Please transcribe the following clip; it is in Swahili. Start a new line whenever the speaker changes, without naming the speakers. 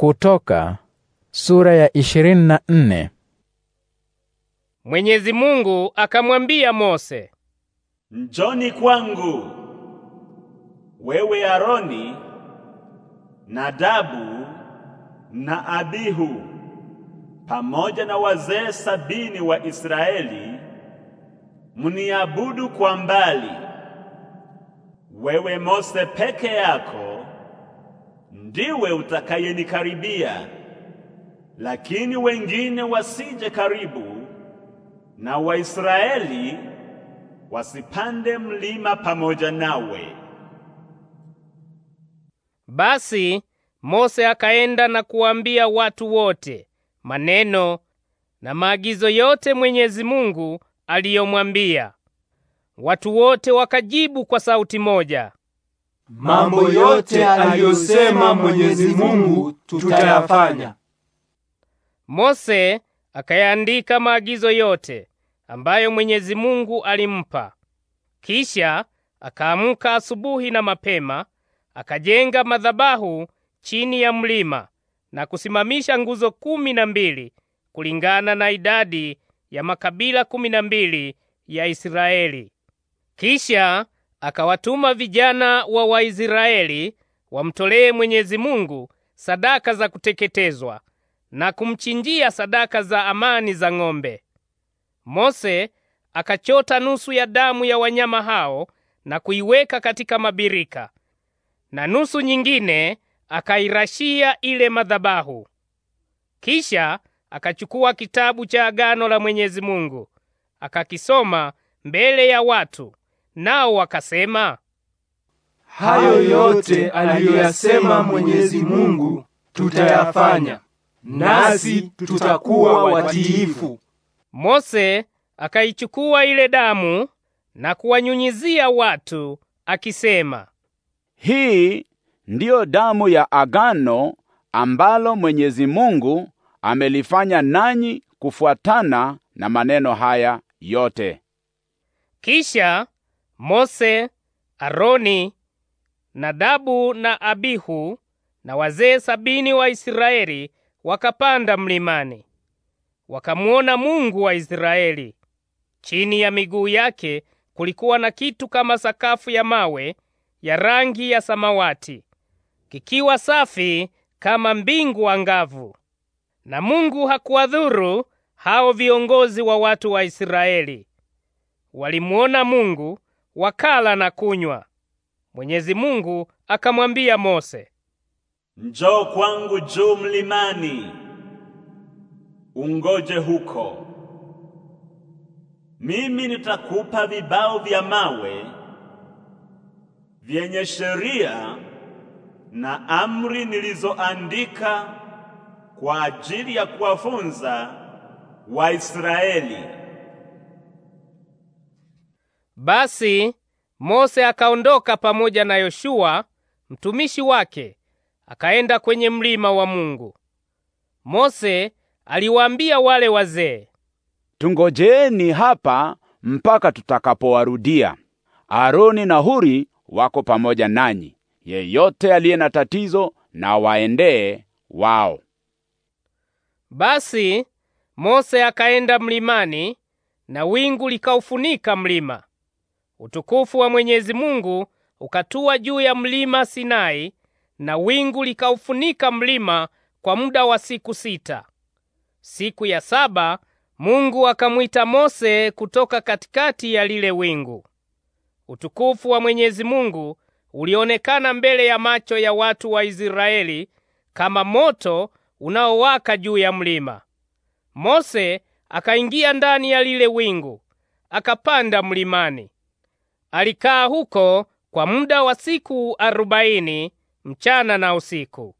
Kutoka sura ya 24.
Mwenyezi Mungu akamwambia Mose, njoni kwangu
wewe Aroni, Nadabu na Abihu pamoja na wazee sabini wa Israeli, muniabudu kwa mbali. Wewe Mose peke yako ndiwe utakayenikaribia, lakini wengine wasije karibu, na Waisraeli wasipande mlima pamoja nawe. Basi Mose
akaenda na kuambia watu wote maneno na maagizo yote Mwenyezi Mungu aliyomwambia. Watu wote wakajibu kwa sauti moja mambo yote aliyosema Mwenyezi Mungu
tutayafanya.
Mose akayaandika maagizo yote ambayo Mwenyezi Mungu alimpa. Kisha akaamka asubuhi na mapema, akajenga madhabahu chini ya mlima na kusimamisha nguzo kumi na mbili kulingana na idadi ya makabila kumi na mbili ya Israeli. Kisha akawatuma vijana wa Waisraeli wamtolee Mwenyezi Mungu sadaka za kuteketezwa na kumchinjia sadaka za amani za ng'ombe. Mose akachota nusu ya damu ya wanyama hao na kuiweka katika mabirika, na nusu nyingine akairashia ile madhabahu. Kisha akachukua kitabu cha agano la Mwenyezi Mungu akakisoma mbele ya watu Nao wakasema, hayo yote aliyoyasema Mwenyezi Mungu
tutayafanya,
nasi tutakuwa watiifu. Mose akaichukua ile damu na kuwanyunyizia watu akisema,
hii ndiyo damu ya agano ambalo Mwenyezi Mungu amelifanya nanyi kufuatana na maneno haya yote.
Kisha
Mose,
Aroni, Nadabu na Abihu na wazee sabini wa Israeli wakapanda mlimani, wakamuona Mungu wa Israeli. Chini ya miguu yake kulikuwa na kitu kama sakafu ya mawe ya rangi ya samawati, kikiwa safi kama mbingu angavu. Na Mungu hakuwadhuru hao viongozi wa watu wa Israeli. Walimuona Mungu wakala na kunywa. Mwenyezi Mungu
akamwambia Mose, njoo kwangu juu mlimani, ungoje huko, mimi nitakupa vibao vya mawe vyenye sheria na amri nilizoandika kwa ajili ya kuwafunza Waisraeli. Basi Mose
akaondoka pamoja na Yoshua mtumishi wake akaenda kwenye mlima wa Mungu. Mose aliwaambia wale wazee,
tungojeeni hapa mpaka tutakapowarudia. Aroni na Huri wako pamoja nanyi. Yeyote aliye na tatizo na waendee wao. Basi Mose akaenda
mlimani na wingu likaufunika mlima. Utukufu wa Mwenyezi Mungu ukatua juu ya mlima Sinai, na wingu likaufunika mlima kwa muda wa siku sita. Siku ya saba Mungu akamwita Mose kutoka katikati ya lile wingu. Utukufu wa Mwenyezi Mungu ulionekana mbele ya macho ya watu wa Israeli kama moto unaowaka juu ya mlima. Mose akaingia ndani ya lile wingu, akapanda mlimani. Alikaa huko kwa muda wa siku arobaini mchana na usiku.